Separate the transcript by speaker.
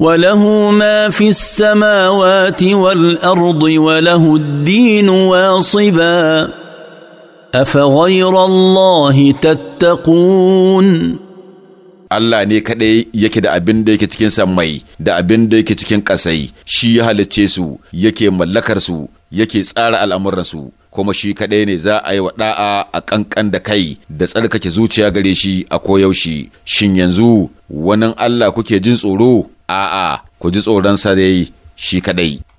Speaker 1: وله ما في السماوات والارض وله الدين واصبا افغير الله
Speaker 2: تتقون Allah ne kaɗai yake da abin da yake cikin sammai da abin da yake cikin ƙasai, shi ya halicce su, yake mallakarsu, yake tsara al'amuransu, kuma shi kaɗai ne za a yi wa ɗa'a a ƙanƙan da kai da tsarkake zuciya gare shi a koyaushe. Shin yanzu, wannan Allah kuke jin tsoro? a'a ku ji tsoron sa dai shi kadai